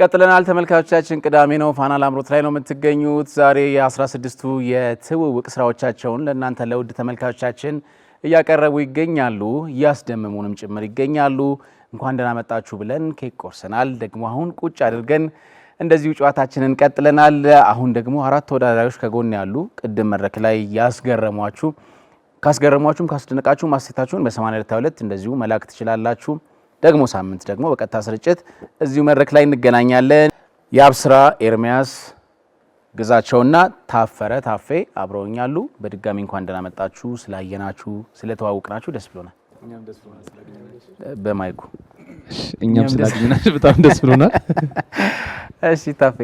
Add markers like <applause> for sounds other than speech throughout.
ቀጥለናል ተመልካቾቻችን። ቅዳሜ ነው፣ ፋና ላምሮት ላይ ነው የምትገኙት። ዛሬ የ16ቱ የትውውቅ ስራዎቻቸውን ለእናንተ ለውድ ተመልካቾቻችን እያቀረቡ ይገኛሉ። እያስደምሙንም ጭምር ይገኛሉ። እንኳን ደህና መጣችሁ ብለን ኬክ ቆርሰናል። ደግሞ አሁን ቁጭ አድርገን እንደዚሁ ጨዋታችንን ቀጥለናል። አሁን ደግሞ አራት ተወዳዳሪዎች ከጎን ያሉ ቅድም መድረክ ላይ ያስገረሟችሁ ካስገረሟችሁም ካስደነቃችሁ ማስሴታችሁን በ82 እንደዚሁ መላክ ትችላላችሁ። ደግሞ ሳምንት ደግሞ በቀጥታ ስርጭት እዚሁ መድረክ ላይ እንገናኛለን። የአብስራ ኤርሚያስ ግዛቸውና ታፈረ ታፌ አብረውኛሉ። በድጋሚ እንኳን ደህና መጣችሁ። ስላየናችሁ ስለተዋወቅናችሁ ደስ ብሎናል። በማይኩ እኛም ስላገኘናችሁ በጣም ደስ ብሎናል። <laughs> እሺ ታፌ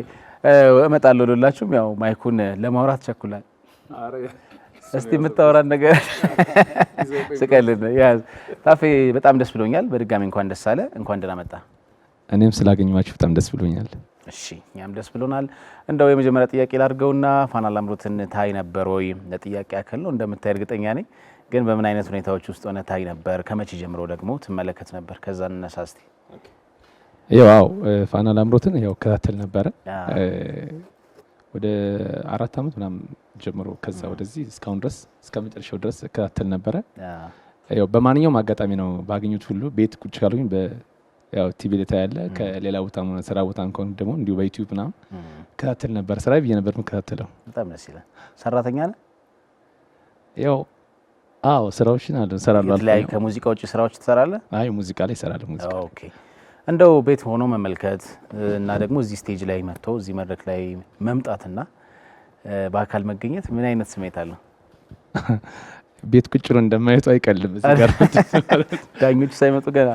እመጣለሁ። ሎላችሁም ያው ማይኩን ለማውራት ቸኩላል። እስቲ የምታወራን ነገር ስቀልን ያዝ። ታፌ በጣም ደስ ብሎኛል። በድጋሚ እንኳን ደስ አለ፣ እንኳን ደህና መጣ። እኔም ስላገኘኋችሁ በጣም ደስ ብሎኛል። እሺ እኛም ደስ ብሎናል። እንደው የመጀመሪያ ጥያቄ ላድርገውና ፋና ላምሮትን ታይ ነበር ወይ? ለጥያቄ ያክል ነው እንደምታይ እርግጠኛ ነኝ። ግን በምን አይነት ሁኔታዎች ውስጥ ሆነ ታይ ነበር? ከመቼ ጀምሮ ደግሞ ትመለከት ነበር? ከዛ እንነሳ እስቲ። ያው ፋና ላምሮትን ያው እከታተል ነበረ ወደ አራት ዓመት ምናምን ጀምሮ ከዛ ወደዚህ እስካሁን ድረስ እስከ መጨረሻው ድረስ እከታተል ነበረ። ያው በማንኛውም አጋጣሚ ነው ባገኙት ሁሉ ቤት ቁጭ ካሉኝ ያው ቲቪ ላይ ያለ ከሌላ ቦታ ሆነ ስራ ቦታ እንኳን ደግሞ እንዲሁ በዩቲዩብ ምናምን እከታተል ነበር። ስራ ብዬ ነበር የምከታተለው። በጣም ደስ ይላል። ሰራተኛ ነህ? ያው አዎ፣ ስራዎችን አለ እሰራለሁ። ከሙዚቃ ውጭ ስራዎች ትሰራለህ? አይ ሙዚቃ ላይ እሰራለሁ። ሙዚቃ ኦኬ እንደው ቤት ሆኖ መመልከት እና ደግሞ እዚህ ስቴጅ ላይ መጥቶ እዚህ መድረክ ላይ መምጣትና በአካል መገኘት ምን አይነት ስሜት አለው? <laughs> ቤት ቁጭ ብሎ እንደማየቱ አይቀልም። <laughs> ዳኞቹ ሳይመጡ ገና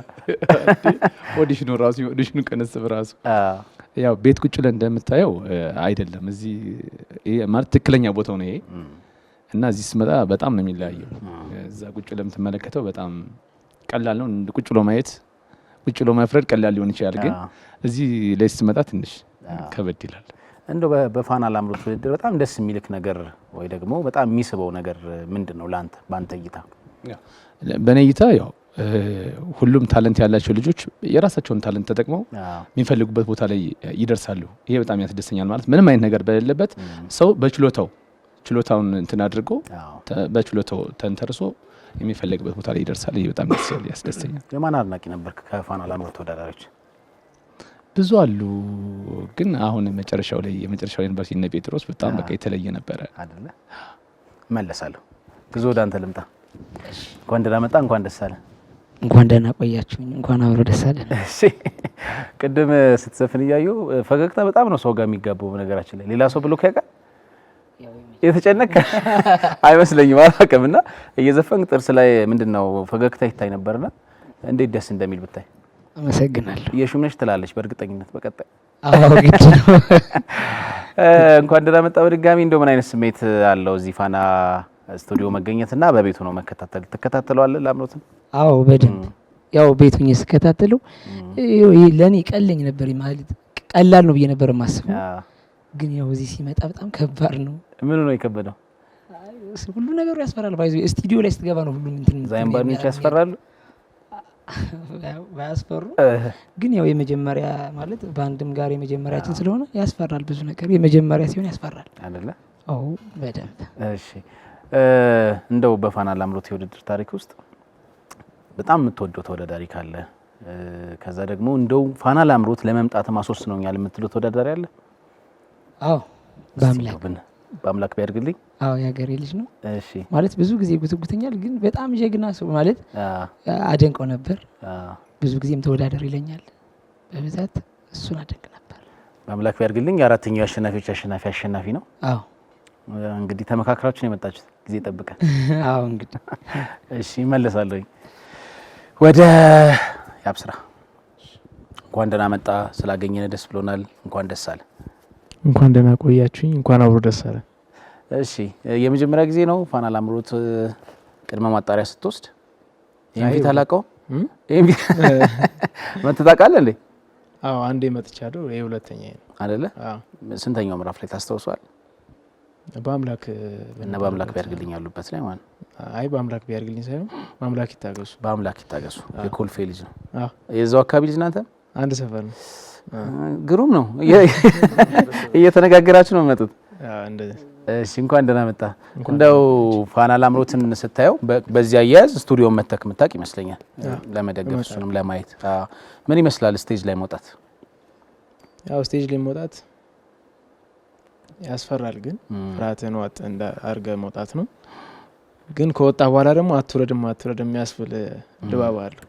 ኦዲሽኑ ራሱ ኦዲሽኑ ቀነስብ ራሱ ያው ቤት ቁጭ ብሎ እንደምታየው አይደለም። እዚህ ማለት ትክክለኛ ቦታው ነው ይሄ እና እዚህ ስመጣ በጣም ነው የሚለያየው። እዛ ቁጭ ብለህ የምትመለከተው በጣም ቀላል ነው። ቁጭ ብሎ ማየት ውጭ ብሎ መፍረድ ቀላል ሊሆን ይችላል፣ ግን እዚህ ላይ ስትመጣ ትንሽ ከበድ ይላል። እንደው በፋና ላምሮት ውድድር በጣም ደስ የሚልክ ነገር ወይ ደግሞ በጣም የሚስበው ነገር ምንድን ነው ለአንተ በአንተ እይታ? በእኔ እይታ ያው ሁሉም ታለንት ያላቸው ልጆች የራሳቸውን ታለንት ተጠቅመው የሚፈልጉበት ቦታ ላይ ይደርሳሉ። ይሄ በጣም ያስደሰኛል። ማለት ምንም አይነት ነገር በሌለበት ሰው በችሎታው ችሎታውን እንትን አድርጎ በችሎታው ተንተርሶ የሚፈለግበት ቦታ ላይ ይደርሳል። ይህ በጣም ደስ ያስደስተኛል። የማን አድናቂ ነበር ከፋና ላምሮት ተወዳዳሪዎች? ብዙ አሉ፣ ግን አሁን መጨረሻው ላይ የመጨረሻው ላይ ነበር ሲነ ጴጥሮስ በጣም በቃ የተለየ ነበረ አይደለ? እመለሳለሁ። ብዙ ወደ አንተ ልምጣ። እንኳን ደህና መጣ። እንኳን ደስ አለ። እንኳን ደህና ቆያችሁኝ። እንኳን አብሮ ደስ አለ። እሺ፣ ቅድም ስትዘፍን እያየሁ ፈገግታ በጣም ነው ሰው ጋር የሚጋባው። በነገራችን ላይ ሌላ ሰው ብሎ ያውቃል የተጨነቀ አይመስለኝም። አላውቅም እና እየዘፈንክ ጥርስ ላይ ምንድን ነው ፈገግታ ይታይ ነበርና እንዴት ደስ እንደሚል ብታይ። አመሰግናለሁ። የሹምነሽ ትላለች በእርግጠኝነት በቀጣይ። አዎ ግድ ነው። <laughs> እንኳን ደህና መጣ በድጋሚ። እንደው ምን አይነት ስሜት አለው እዚህ ፋና ስቱዲዮ መገኘትና በቤቱ ነው መከታተል ትከታተለዋለህ? ላምሮትን አዎ በደንብ ያው ቤቱኝ ስከታተለው ለእኔ ቀለኝ ነበር ማለት ቀላል ነው ብዬ ነበር የማስበው፣ ግን ያው እዚህ ሲመጣ በጣም ከባድ ነው። ምኑ ነው የከበደው? ሁሉ ነገሩ ያስፈራል። ባይዞ ስቱዲዮ ላይ ስትገባ ነው ሁሉም እንትን ዛይምባኖች ያስፈራሉ። ባያስፈሩ ግን ያው የመጀመሪያ ማለት በአንድም ጋር የመጀመሪያችን ስለሆነ ያስፈራል። ብዙ ነገር የመጀመሪያ ሲሆን ያስፈራል አይደለ? አዎ በደንብ እሺ። እንደው በፋና ላምሮት የውድድር ታሪክ ውስጥ በጣም የምትወደው ተወዳዳሪ ካለ ከዛ ደግሞ እንደው ፋና ላምሮት ለመምጣት አስወስነውኛል የምትለው ተወዳዳሪ አለ? አዎ በአምላክ በአምላክ ቢያድግልኝ። አዎ የሀገሬ ልጅ ነው። እሺ ማለት ብዙ ጊዜ ጉትጉትኛል፣ ግን በጣም ጀግና ሰው ማለት አደንቀው ነበር። ብዙ ጊዜም ተወዳደር ይለኛል በብዛት እሱን አደንቅ ነበር። በአምላክ ቢያድግልኝ አራተኛው አሸናፊዎች አሸናፊ አሸናፊ ነው። አዎ እንግዲህ ተመካከራችን የመጣችሁት ጊዜ ጠብቀን። <laughs> አዎ እንግዲህ <laughs> እሺ መለሳለሁኝ ወደ ያብስራ እንኳን ደህና መጣ። ስላገኘነ ደስ ብሎናል። እንኳን ደስ አለ። እንኳን ደህና ቆያችሁኝ። እንኳን አብሮ ደስ አለ። እሺ የመጀመሪያ ጊዜ ነው ፋና ላምሮት ቅድመ ማጣሪያ ስትወስድ። ይህን ፊት አላውቀውም። <laughs> መተህ ታውቃለህ እንዴ? አዎ አንዴ መጥቻለሁ። ይሄ ሁለተኛ ነው አይደለ? ስንተኛው ምዕራፍ ላይ ታስታውሷል? በአምላክ እና በአምላክ ቢያርግልኝ ያሉበት ላይ ማለት አይ በአምላክ ቢያርግልኝ ሳይሆን በአምላክ ይታገሱ፣ በአምላክ ይታገሱ የኮልፌ ልጅ ነው። የዛው አካባቢ ልጅ ናንተ አንድ ሰፈር ነው ግሩም ነው። <laughs> እየተነጋገራችሁ ነው መጡት። እሺ እንኳን ደህና መጣ። እንደው ፋና ላምሮትን ስታየው በዚህ አያያዝ ስቱዲዮ መተክ ምታቅ ይመስለኛል፣ ለመደገፍ እሱንም ለማየት ምን ይመስላል ስቴጅ ላይ መውጣት? ያው ስቴጅ ላይ መውጣት ያስፈራል፣ ግን ፍርሃትን ዋጥ አርገ መውጣት ነው። ግን ከወጣ በኋላ ደግሞ አትውረድም አትውረድ የሚያስብል ድባብ አለው።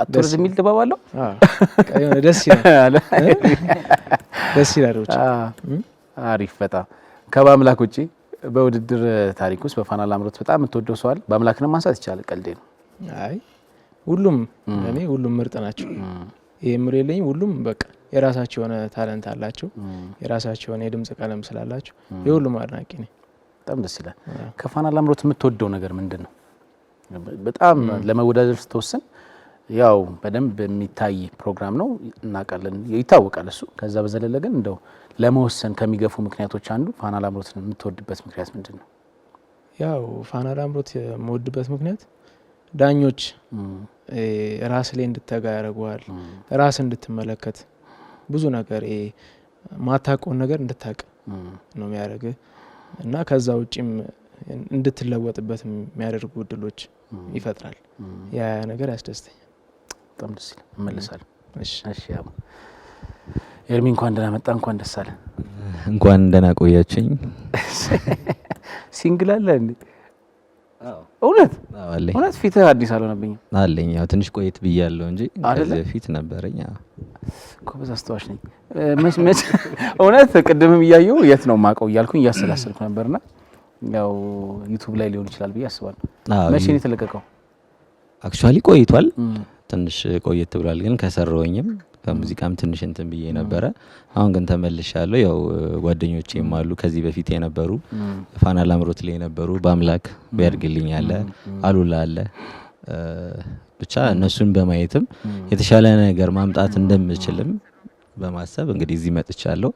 አትወርድ የሚል ድባብ አለው። ደስ ይላል፣ <laughs> ደስ ይላል። አሪፍ በጣም ከበአምላክ ውጪ በውድድር ታሪክ ውስጥ በፋና ላምሮት በጣም የምትወደው ሰዋል በአምላክን ማንሳት ይቻላል። ቀልዴ ነው። አይ ሁሉም እኔ ሁሉም ምርጥ ናቸው። ይህ ምር የለኝ ሁሉም በቃ የራሳቸው የሆነ ታለንት አላቸው። የራሳቸው የሆነ የድምጽ ቀለም ስላላቸው የሁሉም አድናቂ ነኝ። በጣም ደስ ይላል። ከፋና ላምሮት የምትወደው ነገር ምንድን ነው? በጣም ለመወዳደር ስትወስን ያው በደንብ የሚታይ ፕሮግራም ነው እናውቃለን፣ ይታወቃል እሱ። ከዛ በዘለለ ግን እንደው ለመወሰን ከሚገፉ ምክንያቶች አንዱ ፋና ላምሮት የምትወድበት ምክንያት ምንድን ነው? ያው ፋና ላምሮት የምወድበት ምክንያት ዳኞች ራስ ላይ እንድተጋ ያደርገዋል። ራስ እንድትመለከት ብዙ ነገር ማታውቀውን ነገር እንድታቅ ነው የሚያደርግ እና ከዛ ውጭም እንድትለወጥበት የሚያደርጉ እድሎች ይፈጥራል። ያ ነገር ያስደስተኛል። በጣም ደስ ይላል። እመለሳለሁ። ኤርሚ እንኳን ደህና መጣ። እንኳን ደስ አለ። እንኳን ደህና ቆያችኝ። <laughs> ሲንግል አለ እንዴ? እውነት እውነት ፊትህ አዲስ አልሆነብኝም አለኝ። ያው ትንሽ ቆየት ብያለሁ እንጂ ከዚህ በፊት ነበረኝ። ጎበዝ አስተዋሽ ነኝ። <laughs> እውነት ቅድምም እያየሁ የት ነው ማቀው እያልኩኝ እያሰላሰልኩ ነበርና ያው ዩቱብ ላይ ሊሆን ይችላል ብዬ አስባለሁ። መቼ ነው የተለቀቀው? አክቹዋሊ ቆይቷል ትንሽ ቆየት ብሏል፣ ግን ከሰራሁኝም ከሙዚቃም ትንሽ እንትን ብዬ ነበረ። አሁን ግን ተመልሻለሁ። ያው ጓደኞቼም አሉ ከዚህ በፊት የነበሩ ፋና ላምሮት ላይ የነበሩ በአምላክ ቢያድግልኝ አለ አሉላ አለ ብቻ እነሱን በማየትም የተሻለ ነገር ማምጣት እንደምችልም በማሰብ እንግዲህ እዚህ መጥቻለሁ።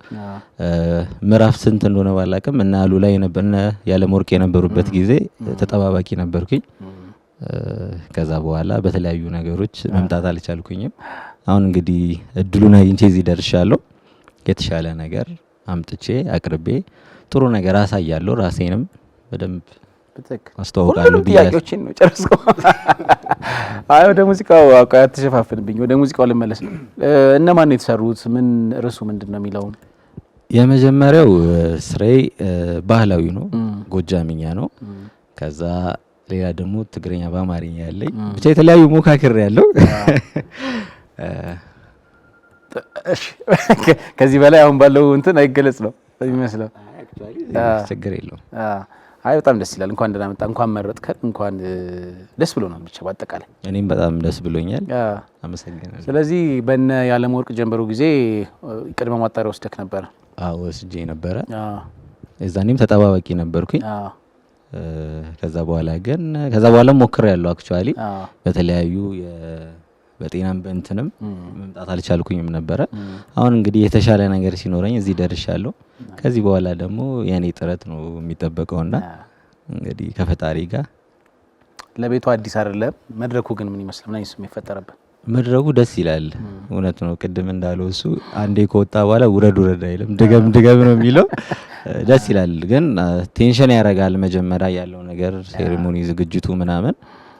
ምዕራፍ ስንት እንደሆነ ባላቅም እና አሉላ ያለምወርቅ የነበሩበት ጊዜ ተጠባባቂ ነበርኩኝ። ከዛ በኋላ በተለያዩ ነገሮች መምጣት አልቻልኩኝም። አሁን እንግዲህ እድሉን አግኝቼ እዚህ ደርሻለሁ። የተሻለ ነገር አምጥቼ አቅርቤ ጥሩ ነገር አሳያለሁ። ራሴንም በደንብ አስተዋውቃለሁ። ጥያቄዎችን ነው ጨረስከው? <laughs> አይ ወደ ሙዚቃው አትሸፋፍንብኝ። ወደ ሙዚቃው ልመለስ ነው። እነማን ነው የተሰሩት? ምን ርዕሱ ምንድን ነው የሚለው? የመጀመሪያው ስራዬ ባህላዊ ነው፣ ጎጃምኛ ነው። ከዛ ሌላ ደግሞ ትግረኛ በአማርኛ ያለኝ ብቻ የተለያዩ ሞካክር ያለው። <laughs> ከዚህ በላይ አሁን ባለው እንትን አይገለጽ ነው የሚመስለው። ችግር የለውም። አይ በጣም ደስ ይላል። እንኳን ደህና መጣ፣ እንኳን መረጥከን፣ እንኳን ደስ ብሎ ነው ብቻ በአጠቃላይ እኔም በጣም ደስ ብሎኛል። አመሰግናለሁ። ስለዚህ በነ ወርቅ ጀንበሩ ጊዜ ቅድመ ማጣሪያ ወስደክ ነበረ? ወስጄ ነበረ። እዛኔም ተጠባባቂ ነበርኩኝ። ከዛ በኋላ ግን ከዛ በኋላ ሞክር ያለው አክቹዋሊ በተለያዩ በጤናም በእንትንም መምጣት አልቻልኩኝም ነበረ። አሁን እንግዲህ የተሻለ ነገር ሲኖረኝ እዚህ ደርሻለሁ። ከዚህ በኋላ ደግሞ የኔ ጥረት ነው የሚጠበቀውና እንግዲህ ከፈጣሪ ጋር ለቤቱ አዲስ አይደለም መድረኩ ግን ምን ይመስላል? ምን አይነት ስሜት ፈጠረብን? መድረጉ ደስ ይላል። እውነት ነው። ቅድም እንዳለው እሱ አንዴ ከወጣ በኋላ ውረድ ውረድ አይልም፣ ድገም ድገም ነው የሚለው። <laughs> ደስ ይላል፣ ግን ቴንሽን ያደርጋል። መጀመሪያ ያለው ነገር ሴሪሞኒ፣ ዝግጅቱ ምናምን።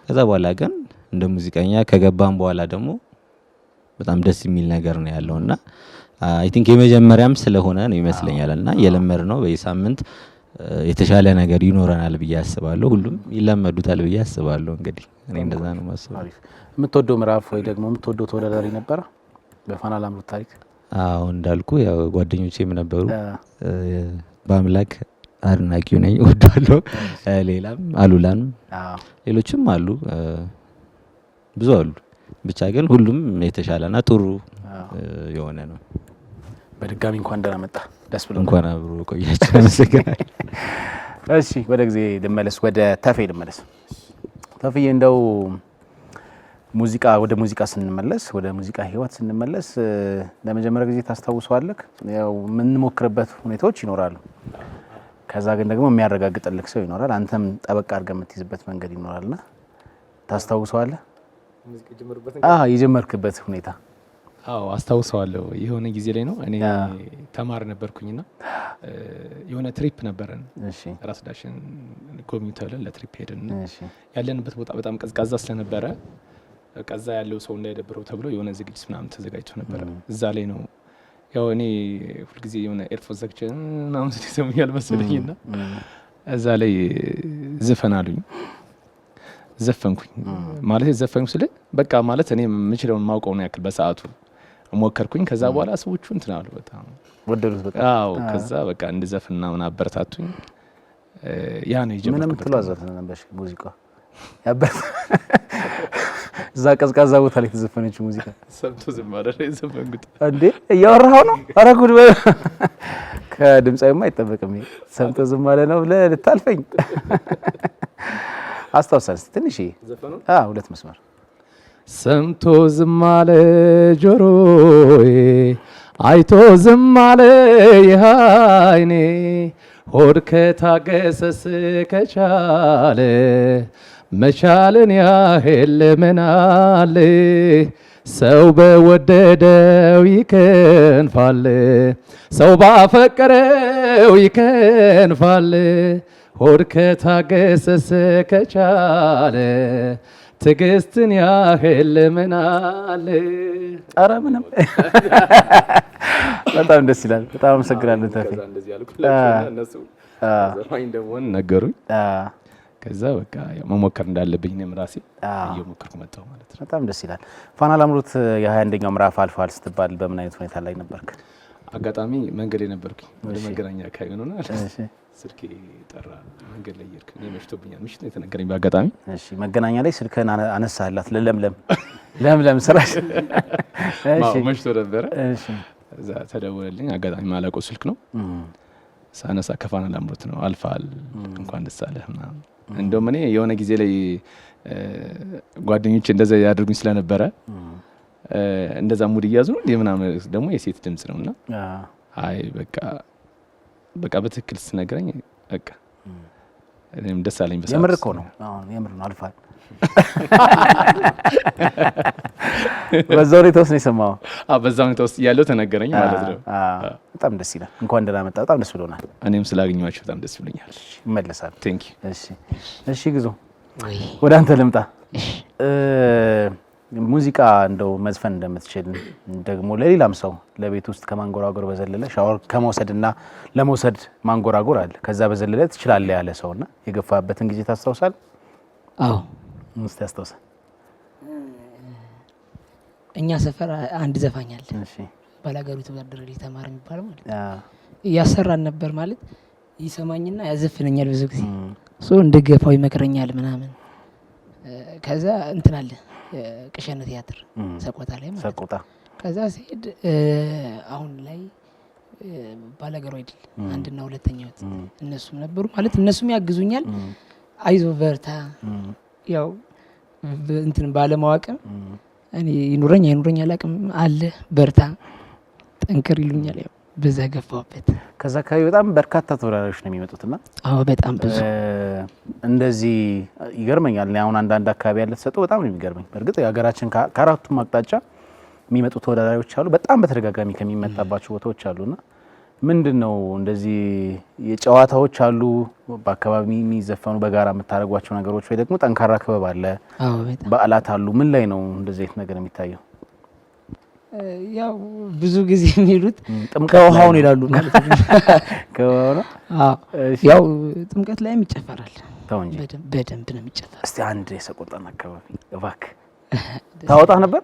ከዛ በኋላ ግን እንደ ሙዚቀኛ ከገባም በኋላ ደግሞ በጣም ደስ የሚል ነገር ነው ያለው እና አይ ቲንክ የመጀመሪያም ስለሆነ ነው ይመስለኛል እና የለመድ ነው በየሳምንት የተሻለ ነገር ይኖረናል ብዬ አስባለሁ። ሁሉም ይለመዱታል ብዬ አስባለሁ። እንግዲህ እኔ እንደዛ ነው የማስበው። የምትወደው ምዕራፍ ወይ ደግሞ የምትወደው ተወዳዳሪ ነበረ በፋና ላምሮት ታሪክ? አዎ እንዳልኩ ያው ጓደኞቼም ነበሩ። በአምላክ አድናቂው ነኝ፣ እወዳለሁ። ሌላም አሉላም፣ ሌሎችም አሉ፣ ብዙ አሉ። ብቻ ግን ሁሉም የተሻለና ጥሩ የሆነ ነው። በድጋሚ እንኳን ደህና መጣ። ደስ ብሎ እንኳን አብሮ ቆያችሁ። አመሰግናለሁ። እሺ ወደ ጊዜ ልመለስ፣ ወደ ተፌ ልመለስ። ተፍዬ እንደው ሙዚቃ ወደ ሙዚቃ ስንመለስ ወደ ሙዚቃ ህይወት ስንመለስ ለመጀመሪያ ጊዜ ታስታውሰዋለህ? ያው የምንሞክርበት ሁኔታዎች ይኖራሉ። ከዛ ግን ደግሞ የሚያረጋግጥልህ ሰው ይኖራል። አንተም ጠበቅ አድርገህ የምትይዝበት መንገድ ይኖራልና ታስታውሰዋለህ? የጀመርክበት ሁኔታ አዎ አስታውሰዋለሁ። የሆነ ጊዜ ላይ ነው እኔ ተማሪ ነበርኩኝና የሆነ ትሪፕ ነበረን። ራስ ዳሽን ጎብኝ ተብለን ለትሪፕ ሄድን። ያለንበት ቦታ በጣም ቀዝቃዛ ስለነበረ ቀዛ ያለው ሰው እንዳይደብረው ተብሎ የሆነ ዝግጅት ምናምን ተዘጋጅቶ ነበረ። እዛ ላይ ነው ያው እኔ ሁልጊዜ የሆነ ኤርፎን ዘግቼ ምናምን ስለሰሙኛል መሰለኝና እዛ ላይ ዝፈን አሉኝ። ዘፈንኩኝ ማለት ዘፈንኩ ስል በቃ ማለት እኔ የምችለውን ማውቀውን ያክል በሰዓቱ ሞከርኩኝ። ከዛ በኋላ ሰዎቹ እንትን አሉ፣ በጣም ወደዱት። በቃ አዎ። ከዛ በቃ እንድዘፍና ምን አበረታቱኝ። ያ ነው ምንም ትሏ ዘፈን ነበርሽ ሙዚቃ ያበረታ <laughs> እዛ ቀዝቃዛ ቦታ ላይ የተዘፈነች ሙዚቃ ሰምቶ ዝማረ አደረ። የዘፈንኩት እንዴ እያወራኸው ነው። ኧረ ጉድ <laughs> ከድምፃዊማ አይጠበቅም። ሰምቶ ዝማረ ነው ብለህ ልታልፈኝ። <laughs> አስታውሳል። ትንሽ ሁለት መስመር ሰምቶ ዝም አለ ጆሮዬ፣ አይቶ ዝም አለ የዓይኔ። ሆድ ከታገሰ መቻልን ያህል ምን አለ? ሰው በወደደው ይከንፋል፣ ሰው ባፈቀረው ይከንፋል። ሆድ ከታገሰ ከቻለ ትዕግስትን ያህል ምን አለ? ኧረ ምንም። በጣም ደስ ይላል። በጣም አመሰግናለሁ። ተፌ ዘፋኝ እንደሆን ነገሩኝ። ከዛ በቃ መሞከር እንዳለብኝ እኔም ራሴ እየሞከርኩ መጣሁ ማለት ነው። በጣም ደስ ይላል። ፋና ላምሮት የሀያ አንደኛው ምዕራፍ አልፏል ስትባል በምን አይነት ሁኔታ ላይ ነበርክ? አጋጣሚ መንገድ የነበርኩኝ ወደ መገናኛ አካባቢ ሆናል ስልክ ጠራ። መንገድ ላይ እየሄድክ እኔ መሽቶብኛል፣ ምሽት ነው የተነገረኝ በአጋጣሚ። እሺ መገናኛ ላይ ስልክህን አነሳላት ለለምለም ለምለም ስራሽ <laughs> እሺ መሽቶ ነበረ። እዛ ተደወለልኝ። አጋጣሚ ማላውቀው ስልክ ነው ሳነሳ፣ ከፋና ላምሮት ነው። አልፋል እንኳን ደስ አለህ ምናምን። እንደውም እኔ የሆነ ጊዜ ላይ ጓደኞች እንደዛ ያደርጉኝ ስለነበረ እንደዛ ሙድ እያዙ ነው ምናምን። ደግሞ የሴት ድምጽ ነው እና አይ በቃ በቃ በትክክል ስትነግረኝ በቃ እኔም ደስ አለኝ። በሰዓት የምር እኮ ነው። አሁን የምር ነው። አልፋል <laughs> በዛ ሁኔታ ውስጥ ነው የሰማው። አዎ በዛ ሁኔታ ውስጥ ያለው ተነገረኝ ማለት ነው። በጣም ደስ ይላል። እንኳን ደህና መጣ። በጣም ደስ ብሎናል። እኔም ስላገኘኋቸው በጣም ደስ ብሎኛል። ይመለሳል። ቴንክ ዩ። እሺ፣ እሺ፣ ግዞ ወደ አንተ ልምጣ ሙዚቃ እንደው መዝፈን እንደምትችል ደግሞ ለሌላም ሰው ለቤት ውስጥ ከማንጎራጎር በዘለለ ሻወር ከመውሰድና ለመውሰድ ማንጎራጎር አለ። ከዛ በዘለለ ትችላለ ያለ ሰውና የገፋበትን ጊዜ ታስታውሳል? አዎ ያስታውሳል። እኛ ሰፈር አንድ ዘፋኝ አለ፣ ባላገሩ ተወዳደረ ተማር የሚባል ማለት ያሰራን ነበር ማለት ይሰማኝና ያዘፍነኛል ብዙ ጊዜ እንደገፋው ይመክረኛል ምናምን ከዛ እንትን አለ ቅሸነ ቲያትር ሰቆጣ ላይ ማለት ሰቆጣ። ከዛ ሲሄድ አሁን ላይ ባላገሩ አይደል አንድና ሁለተኛው እነሱም ነበሩ ማለት እነሱም ያግዙኛል። አይዞ በርታ፣ ያው እንትን ባለማወቅም እኔ ይኑረኝ አይኑረኝ አላቅም አለ በርታ፣ ጠንክር ይሉኛል። ያው በዛ ገፋውበት። ከዛ አካባቢ በጣም በርካታ ተወዳዳሪዎች ነው የሚመጡትና አዎ፣ በጣም ብዙ እንደዚህ ይገርመኛል። አሁን አንዳንድ አካባቢ ያለ ተሰጥኦ በጣም ነው የሚገርመኝ። በእርግጥ የሀገራችን ከአራቱም አቅጣጫ የሚመጡ ተወዳዳሪዎች አሉ። በጣም በተደጋጋሚ ከሚመጣባቸው ቦታዎች አሉና ምንድን ነው እንደዚህ የጨዋታዎች አሉ፣ በአካባቢ የሚዘፈኑ በጋራ የምታደርጓቸው ነገሮች ወይ ደግሞ ጠንካራ ክበብ አለ፣ በዓላት አሉ። ምን ላይ ነው እንደዚህ አይነት ነገር የሚታየው? ያው ብዙ ጊዜ የሚሉት ከውሃውን ይላሉ ማለት ነው። <laughs> ያው ጥምቀት ላይም ይጨፈራል ተው እንጂ በደንብ ነው የሚጨፈረው። እስቲ አንድ የሰቆጣን አካባቢ እባክህ ታወጣ ነበር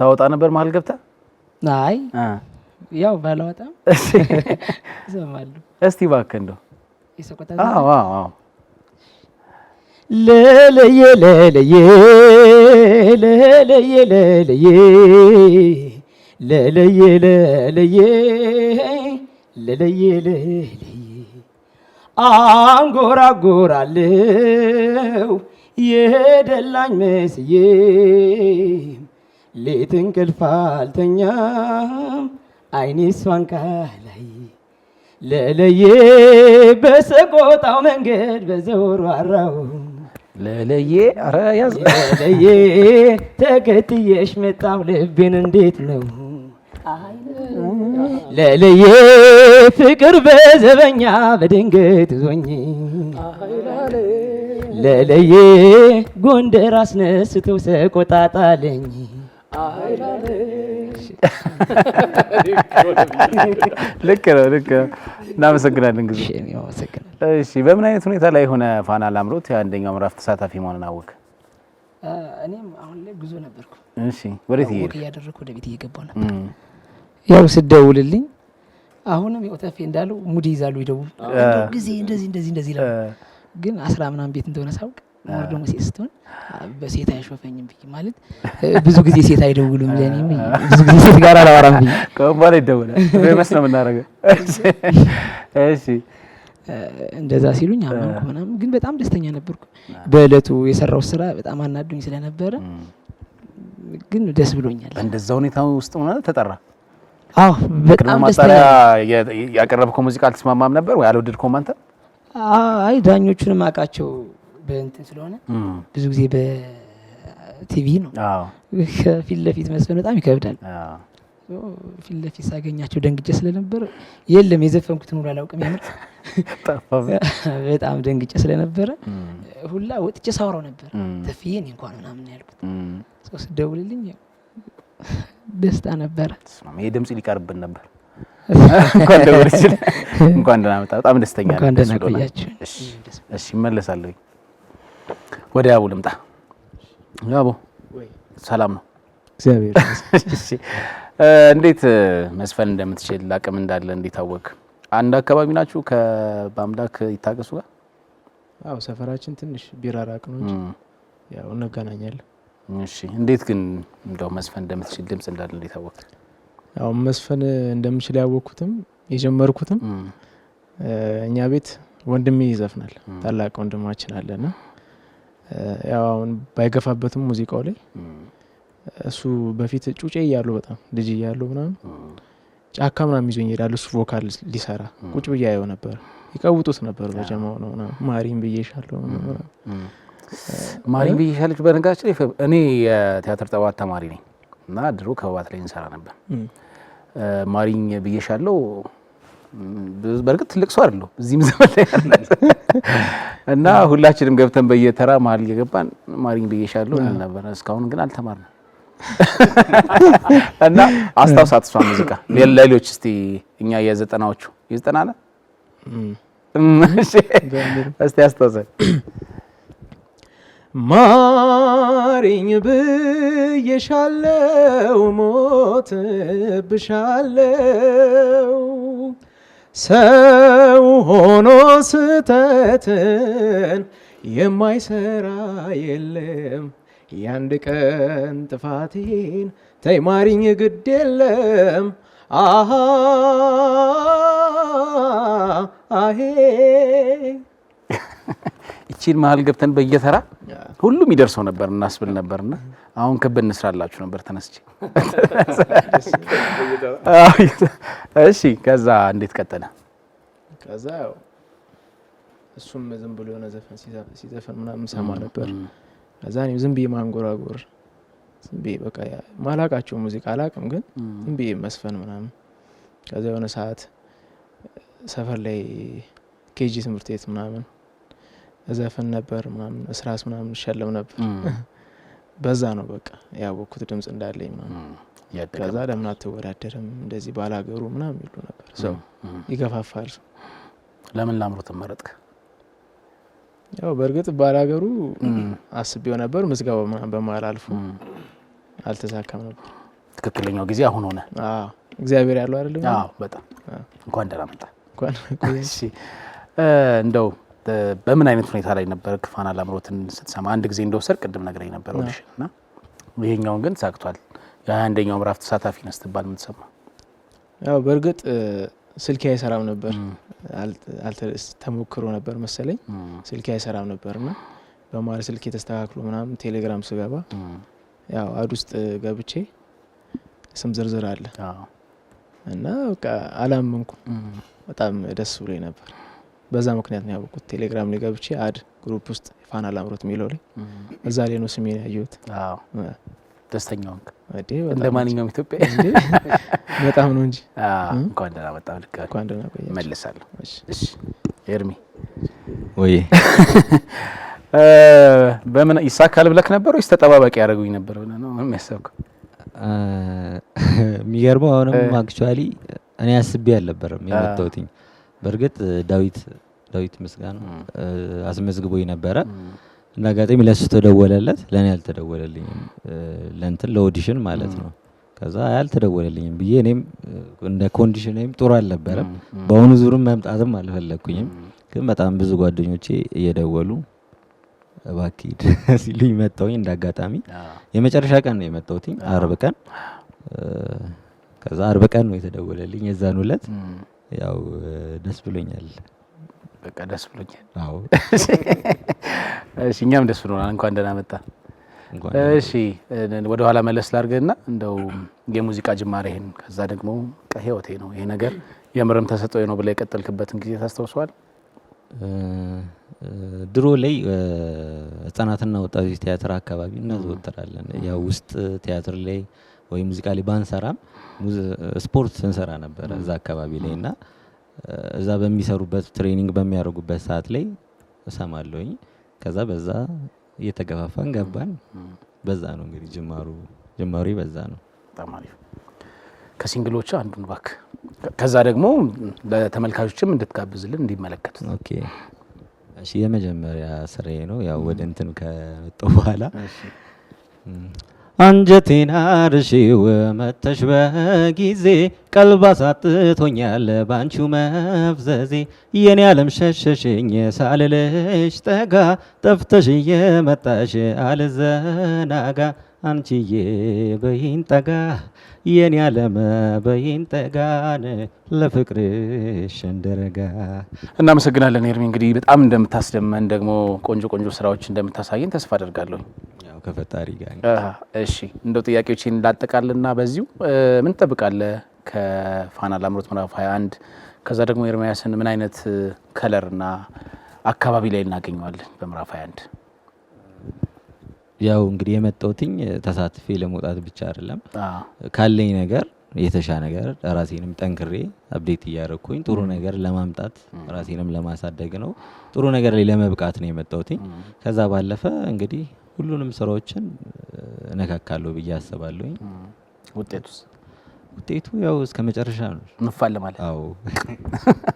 ታወጣ ነበር መሀል ገብታ። አይ ያው ባላወጣም እሰማለሁ። እስቲ እባክህ እንደው ለለየ ለለየ ለለየ ለለየ ለለየ ለለየ ለለየ ለለየ አንጎራጎራለው የደላኝ መስዬ ሌት እንቅልፍ አልተኛም አይኔ እሷን ካላይ ለለየ በሰቆጣው መንገድ በዘወሯራው ለለየ ኧረ ያዝ ለለየ ተከትየሽ መጣው ልቤን እንዴት ነው ለልዬ ፍቅር በዘበኛ በድንገት ዞኝ ለልዬ ጎንደር አስነስቶ ሰቆጣጣለኝ ልክ ነው ልክ ነው። እናመሰግናለን ጊዜ። በምን አይነት ሁኔታ ላይ የሆነ ፋና ላምሮት የአንደኛው ምዕራፍ ተሳታፊ መሆንን አወቅ? እኔም አሁን ላይ ጉዞ ነበርኩ። እሺ ወዴት እያደረግኩ ወደ ቤት እየገባሁ ነበር ያው ስደውልልኝ አሁንም ያው ተፌ እንዳለው ሙድ ይዛሉ ይደውል ጊዜ እንደዚህ እንደዚህ እንደዚህ ይላል። ግን አስራ ምናምን ቤት እንደሆነ ሳውቅ ወርዶ ደግሞ ሴት ስትሆን በሴት አይሾፈኝም ብዬ ማለት ብዙ ጊዜ ሴት አይደውሉም ለኔ ብዙ ጊዜ ሴት ጋር አላወራም ብዬ ከበኋላ ይደውላል በመስ ነው የምናደርገው። እሺ እንደዛ ሲሉኝ አመንኩ ምናምን፣ ግን በጣም ደስተኛ ነበርኩ። በእለቱ የሰራው ስራ በጣም አናዱኝ ስለነበረ ግን ደስ ብሎኛል። እንደዛ ሁኔታ ውስጥ ሆነ ተጠራ አዎ በጣም ደስተኛ ያቀረብከው ሙዚቃ አልተስማማም ነበር ወይ አልወደድከውም አንተ? አይ ዳኞቹንም አውቃቸው በእንትን ስለሆነ ብዙ ጊዜ በቲቪ ነው። ከፊት ለፊት መስፈን በጣም ይከብዳል። ፊት ለፊት ሳገኛቸው ደንግጬ ስለነበር የለም የዘፈንኩት ሁሉ አላውቅም። የምር <laughs> በጣም ደንግጬ ስለነበረ ሁላ ወጥቼ ሳውራው ነበር ተፍዬ እኔ እንኳን ምናምን ያልኩት ሰው ስደውልልኝ ደስታ ነበረ። ይሄ ድምጽ ሊቀርብን ነበር። እንኳን ደወል ይችል እንኳን ደህና መጣ። በጣም ደስተኛ ነኝ። እንኳን ደህና ቆያችሁ። እሺ እመለሳለሁ። ወደ ያቡ ልምጣ። ያቡ ሰላም ነው? እግዚአብሔር <laughs> እንዴት መዝፈን እንደምትችል አቅም እንዳለ እንዴት አወቅ? አንድ አካባቢ ናችሁ ከበአምላክ ይታገሱ ጋር? አዎ ሰፈራችን ትንሽ ቢራራቅ ነው እንጂ ያው እንገናኛለን። እሺ እንዴት ግን እንደው መስፈን እንደምትችል ድምጽ እንዳለ እንዴት አወቅ? ያው መዝፈን እንደምችል ያወቅኩትም የጀመርኩትም እኛ ቤት ወንድሜ ይዘፍናል። ታላቅ ወንድማችን አለና ያው አሁን ባይገፋበትም ሙዚቃው ላይ እሱ በፊት ጩጬ እያሉ በጣም ልጅ እያሉ ምናምን ጫካ ምናምን ይዞኝ ይሄዳል። እሱ ቮካል ሊሰራ ቁጭ ብዬ አየው ነበር። ይቀውጡት ነበር በጀማው ነው ማሪም ብዬሻለሁ ማሪን ልጅ በነገራችን እኔ የቲያትር ጥበባት ተማሪ ነኝ እና ድሮ ከበባት ላይ እንሰራ ነበር። ማሪኝ ብዬሻለው። በእርግጥ ትልቅ ሰው አይደለሁ እዚህም ዘመን ላይ እና ሁላችንም ገብተን በየተራ መሀል እየገባን ማሪኝ ብዬሻለሁ ነበር። እስካሁን ግን አልተማርንም እና አስታውሳት። እሷ ሙዚቃ ሌሎች እስቲ እኛ የዘጠናዎቹ የዘጠና ነ እስቲ አስታውሰን ማሪኝ ብዬሻለው ሞት ብሻለው ሰው ሆኖ ስተትን የማይሰራ የለም። የአንድ ቀን ጥፋቴን ተይ ማሪኝ ግድ የለም አሃ አሄ እቺን መሀል ገብተን በየተራ ሁሉም ይደርሰው ነበር እናስብል ነበርና አሁን ከበድ እንስራላችሁ ነበር ተነስቼ። እሺ፣ ከዛ እንዴት ቀጠለ? ከዛ እሱም ዝም ብሎ የሆነ ዘፈን ሲዘፈን ምናምን ሰማ ነበር። ከዛ እኔም ዝም ብዬ ማንጎራጎር ዝም ብዬ በቃ ማላቃቸው ሙዚቃ አላቅም፣ ግን ዝም ብዬ መስፈን ምናምን። ከዛ የሆነ ሰዓት ሰፈር ላይ ኬጂ ትምህርት ቤት ምናምን ዘፍን ነበር ምናምን እስራስ ምናምን እሸለም ነበር። <laughs> በዛ ነው በቃ ያወቅኩት ድምጽ እንዳለኝ ምናምን። ከዛ ለምን አትወዳደርም እንደዚህ ባላገሩ ምናምን ይሉ ነበር። ሰው ይገፋፋል። ለምን ላምሮ ትመረጥክ? ያው በእርግጥ ባላገሩ አስቤው ነበር። ምዝጋባ ምናምን በመል አልፎ አልተሳካም ነበር። ትክክለኛው ጊዜ አሁን ሆነ። እግዚአብሔር ያለው አይደለም። በጣም እንኳን ደህና መጣ። እንደው በምን አይነት ሁኔታ ላይ ነበር ክፋን አላምሮትን ስትሰማ? አንድ ጊዜ እንደወሰድ ቅድም ነገር ነበር ኦዲሽን እና ይሄኛውን ግን ተሳክቷል። የአንደኛው ምዕራፍ ተሳታፊ ነህ ስትባል የምትሰማ? ያው በእርግጥ ስልኬ አይሰራም ነበር፣ ተሞክሮ ነበር መሰለኝ። ስልኬ አይሰራም ነበርና በመሀል ስልኬ ተስተካክሎ ምናምን ቴሌግራም ስገባ ያው አድ ውስጥ ገብቼ ስም ዝርዝር አለ እና በቃ አላመንኩም። በጣም ደስ ብሎ ነበር። በዛ ምክንያት ነው ያወቁት። ቴሌግራም ላይ ገብቼ አድ ግሩፕ ውስጥ ፋና ላምሮት የሚለው ላይ እዛ ላይ ነው ስሜን ያየሁት። ደስተኛ ወንክ እንደ ማንኛውም ኢትዮጵያ በጣም ነው እንጂ እንኳን ደህና መጣ። ልክ እንኳን ደህና ቆየ። እመልሳለሁ። እሺ ኤርሚ ወይ በምን ይሳካል ብለክ ነበር ወይስ ተጠባባቂ ያደረጉኝ ነበር ብለህ ነው የሚያሰብኩ? የሚገርመው አሁንም አክቹዋሊ እኔ አስቤ አልነበረም የመጣሁትኝ። በእርግጥ ዳዊት ዳዊት ምስጋና አስመዝግቦ ነበረ እና አጋጣሚ ለሱ ተደወለለት፣ ለእኔ አልተደወለልኝም። ለእንትን ለኦዲሽን ማለት ነው። ከዛ አልተደወለልኝም ብዬ እኔም እንደ ኮንዲሽንም ጥሩ አልነበረም። በአሁኑ ዙርም መምጣትም አልፈለግኩኝም። ግን በጣም ብዙ ጓደኞቼ እየደወሉ እባክህ <laughs> ሲሉኝ መጣውኝ እንደ አጋጣሚ የመጨረሻ ቀን ነው የመጣሁት፣ አርብ ቀን። ከዛ አርብ ቀን ነው የተደወለልኝ የዛን ዕለት ያው ደስ ብሎኛል። በቃ ደስ ብሎኛል። <laughs> እኛም ደስ ብሎናል። እንኳን ደህና መጣ። እሺ፣ ወደ ኋላ መለስ ላድርግና እንደው የሙዚቃ ጅማሬህን ከዛ ደግሞ ህይወቴ ነው ይሄ ነገር የምርም ተሰጥኦዬ ነው ብለህ የቀጠልክበትን ጊዜ ታስታውሰዋል? ድሮ ላይ ህጻናትና ወጣቶች ቲያትር አካባቢ እናዘወትራለን። ያው ውስጥ ቲያትር ላይ ወይ ሙዚቃ ላይ ባንሰራም ስፖርት እንሰራ ነበረ እዛ አካባቢ ላይ እና እዛ በሚሰሩበት ትሬኒንግ በሚያደርጉበት ሰዓት ላይ እሰማለሁኝ። ከዛ በዛ እየተገፋፋን ገባን። በዛ ነው እንግዲህ ጅማሩ ጅማሩ በዛ ነው። በጣም ከሲንግሎቹ አንዱን ባክ ከዛ ደግሞ ለተመልካቾችም እንድትጋብዝልን እንዲመለከቱት። የመጀመሪያ ስራዬ ነው ያው ወደ እንትን ከመጣሁ በኋላ አንጀቴን አርሺው መተሽ በጊዜ ቀልብ አሳጥቶኛል ባንቺው መፍዘዜ የኔ ዓለም ሸሸሽኝ ሳልልሽ ጠጋ ጠፍተሽ እየመጣሽ አልዘናጋ አንቺዬ በይን ጠጋ የኔ ዓለም በይን ጠጋን ለፍቅርሽ እንደረጋ። እናመሰግናለን ኤርሚ። እንግዲህ በጣም እንደምታስደመን ደግሞ ቆንጆ ቆንጆ ስራዎች እንደምታሳየን ተስፋ አደርጋለሁ። ከፈጣሪ ጋር። እሺ እንደው ጥያቄዎችን ላጠቃልና በዚሁ ምን ትጠብቃለህ ከፋና ላምሮት ምዕራፍ 21 ከዛ ደግሞ ኤርሚያስን ምን አይነት ከለርና አካባቢ ላይ እናገኘዋለን በምዕራፍ 21? ያው እንግዲህ የመጣውትኝ ተሳትፌ ለመውጣት ብቻ አይደለም ካለኝ ነገር የተሻ ነገር ራሴንም ጠንክሬ አብዴት እያደረግኩኝ ጥሩ ነገር ለማምጣት ራሴንም ለማሳደግ ነው። ጥሩ ነገር ላይ ለመብቃት ነው የመጣውትኝ ከዛ ባለፈ እንግዲህ ሁሉንም ስራዎችን እነካካለሁ ብዬ አስባለሁኝ። ውጤቱስ ውጤቱ ያው እስከ መጨረሻ ነው ማለት አዎ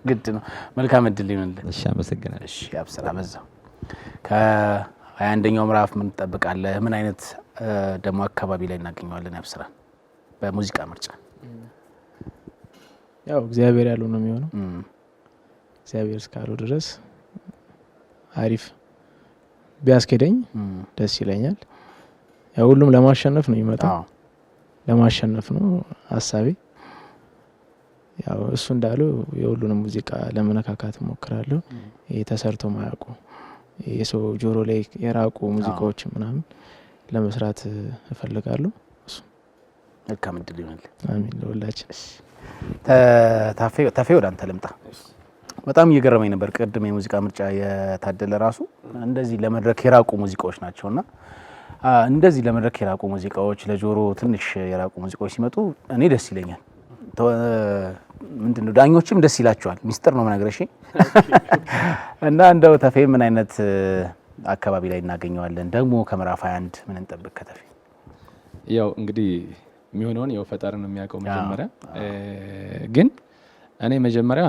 ግድ ነው። መልካም እድል ይሆንልን። እሺ፣ አመሰግናለሁ። እሺ፣ አብስራ በዛው ከሀያ አንደኛው ምዕራፍ ምን ትጠብቃለህ? ምን አይነት ደግሞ አካባቢ ላይ እናገኘዋለን? ያብስራ በሙዚቃ ምርጫ ያው እግዚአብሔር ያለው ነው የሚሆነው። እግዚአብሔር እስካለው ድረስ አሪፍ ቢያስኬደኝ ደስ ይለኛል። ሁሉም ለማሸነፍ ነው ይመጣ ለማሸነፍ ነው ሀሳቤ። ያው እሱ እንዳሉ የሁሉንም ሙዚቃ ለመነካካት እሞክራለሁ። ተሰርቶ ማያውቁ የሰው ጆሮ ላይ የራቁ ሙዚቃዎች ምናምን ለመስራት እፈልጋለሁ። እሱ መልካም እድል ይሆናል። አሚን ለሁላችን። ታፌ ወደ አንተ ልምጣ። በጣም እየገረመኝ ነበር። ቅድም የሙዚቃ ምርጫ የታደለ ራሱ እንደዚህ ለመድረክ የራቁ ሙዚቃዎች እና እንደዚህ ለመድረክ የራቁ ሙዚቃዎች፣ ለጆሮ ትንሽ የራቁ ሙዚቃዎች ሲመጡ እኔ ደስ ይለኛል። ምንድነው ዳኞችም ደስ ይላቸዋል። ሚስጥር ነው መነግረሽ እና እንደው ተፌ ምን አይነት አካባቢ ላይ እናገኘዋለን? ደግሞ ከምዕራፍ 21 ምን እንጠብቅ ከተፌ? ያው እንግዲህ የሚሆነውን ያው ፈጣሪ ነው የሚያውቀው። መጀመሪያ ግን እኔ መጀመሪያ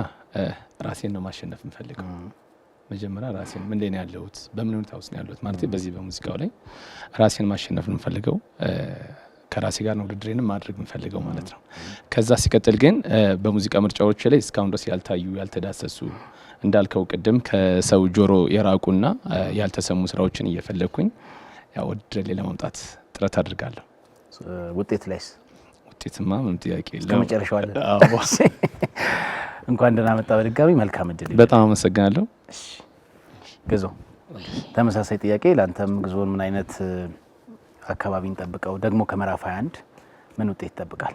ራሴን ነው ማሸነፍ የምፈልገው። መጀመሪያ ራሴን ላይ ነው ያለሁት፣ በምን ሁኔታ ውስጥ ነው ያለሁት ማለት በዚህ በሙዚቃው ላይ ራሴን ማሸነፍ ነው የምፈልገው። ከራሴ ጋር ነው ውድድሬንም ማድረግ የምፈልገው ማለት ነው። ከዛ ሲቀጥል ግን በሙዚቃ ምርጫዎች ላይ እስካሁን ድረስ ያልታዩ ያልተዳሰሱ እንዳልከው ቅድም ከሰው ጆሮ የራቁና ያልተሰሙ ስራዎችን እየፈለግኩኝ ውድድር ላይ ለማምጣት ጥረት አድርጋለሁ። ውጤት ላይስ? ውጤትማ ምንም ጥያቄ የለም። <laughs> እንኳን ደህና መጣ። በድጋሚ መልካም እድል። በጣም አመሰግናለሁ። ግዞ ተመሳሳይ ጥያቄ ለአንተም ግዞን ምን አይነት አካባቢን ጠብቀው ደግሞ ከምዕራፍ 21 ምን ውጤት ይጠብቃል?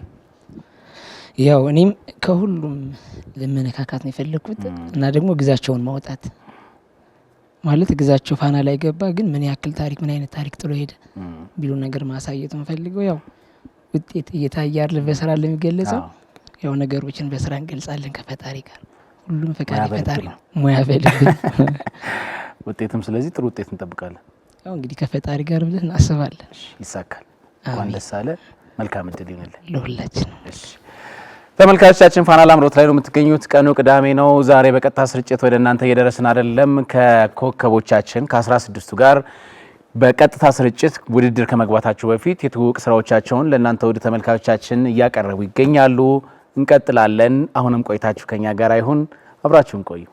ያው እኔም ከሁሉም ለመነካካት ነው የፈለግኩት እና ደግሞ ግዛቸውን ማውጣት ማለት ግዛቸው ፋና ላይ ገባ፣ ግን ምን ያክል ታሪክ ምን አይነት ታሪክ ጥሎ ሄደ ቢሉ ነገር ማሳየት ፈልገው ያው ውጤት እየታየ አይደል በስራ ለሚገለጸው ያው ነገሮችን በስራ እንገልጻለን ከፈጣሪ ጋር። ሁሉም ፈቃድ ፈጣሪ ነው፣ ሙያ ፈልግ <laughs> ውጤትም። ስለዚህ ጥሩ ውጤት እንጠብቃለን። ያው እንግዲህ ከፈጣሪ ጋር ብለን እናስባለን፣ ይሳካል። እንኳን ደስ አለ። መልካም እድል ይሆንልን ለሁላችን። ተመልካቾቻችን ፋና ላምሮት ላይ ነው የምትገኙት። ቀኑ ቅዳሜ ነው። ዛሬ በቀጥታ ስርጭት ወደ እናንተ እየደረስን አይደለም። ከኮከቦቻችን ከ 16 ጋር በቀጥታ ስርጭት ውድድር ከመግባታቸው በፊት የትውውቅ ስራዎቻቸውን ለእናንተ ውድ ተመልካቾቻችን እያቀረቡ ይገኛሉ። እንቀጥላለን። አሁንም ቆይታችሁ ከኛ ጋር ይሁን፣ አብራችሁን ቆዩ።